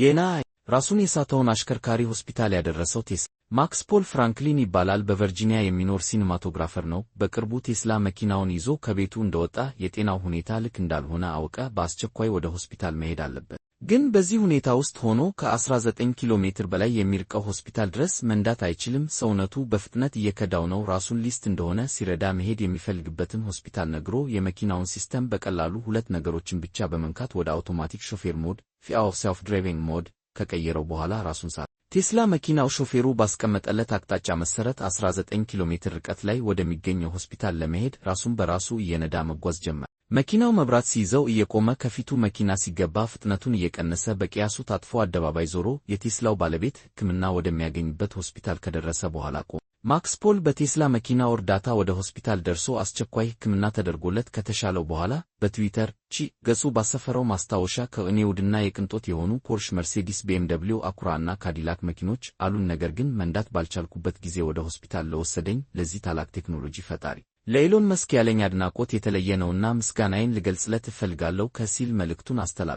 የና ራሱን የሳተውን አሽከርካሪ ሆስፒታል ያደረሰው ቴስላ ማክስ ፖል ፍራንክሊን ይባላል። በቨርጂኒያ የሚኖር ሲኒማቶግራፈር ነው። በቅርቡ ቴስላ መኪናውን ይዞ ከቤቱ እንደወጣ የጤናው ሁኔታ ልክ እንዳልሆነ አወቀ። በአስቸኳይ ወደ ሆስፒታል መሄድ አለበት። ግን በዚህ ሁኔታ ውስጥ ሆኖ ከ19 ኪሎ ሜትር በላይ የሚርቀው ሆስፒታል ድረስ መንዳት አይችልም። ሰውነቱ በፍጥነት እየከዳው ነው። ራሱን ሊስት እንደሆነ ሲረዳ መሄድ የሚፈልግበትን ሆስፒታል ነግሮ የመኪናውን ሲስተም በቀላሉ ሁለት ነገሮችን ብቻ በመንካት ወደ አውቶማቲክ ሾፌር ሞድ ፊአው ሴልፍ ድራይቪንግ ሞድ ከቀየረው በኋላ ራሱን ሳ ቴስላ መኪናው ሾፌሩ ባስቀመጠለት አቅጣጫ መሰረት 19 ኪሎ ሜትር ርቀት ላይ ወደሚገኘው ሆስፒታል ለመሄድ ራሱን በራሱ እየነዳ መጓዝ ጀመረ። መኪናው መብራት ሲይዘው እየቆመ ከፊቱ መኪና ሲገባ ፍጥነቱን እየቀነሰ በቅያሱ ታጥፎ አደባባይ ዞሮ የቴስላው ባለቤት ሕክምና ወደሚያገኝበት ሆስፒታል ከደረሰ በኋላ ቆ ማክስ ፖል በቴስላ መኪናው እርዳታ ወደ ሆስፒታል ደርሶ አስቸኳይ ሕክምና ተደርጎለት ከተሻለው በኋላ በትዊተር ቺ ገጹ ባሰፈረው ማስታወሻ ከእኔ ውድና የቅንጦት የሆኑ ፖርሽ፣ መርሴዲስ፣ ቤምደብሊው፣ አኩራ እና ካዲላክ መኪኖች አሉን፣ ነገር ግን መንዳት ባልቻልኩበት ጊዜ ወደ ሆስፒታል ለወሰደኝ ለዚህ ታላቅ ቴክኖሎጂ ፈጣሪ ለኢሎን መስክ ያለኝ አድናቆት የተለየ ነውና ምስጋናዬን ልገልጽለት እፈልጋለሁ ከሲል መልእክቱን አስተላል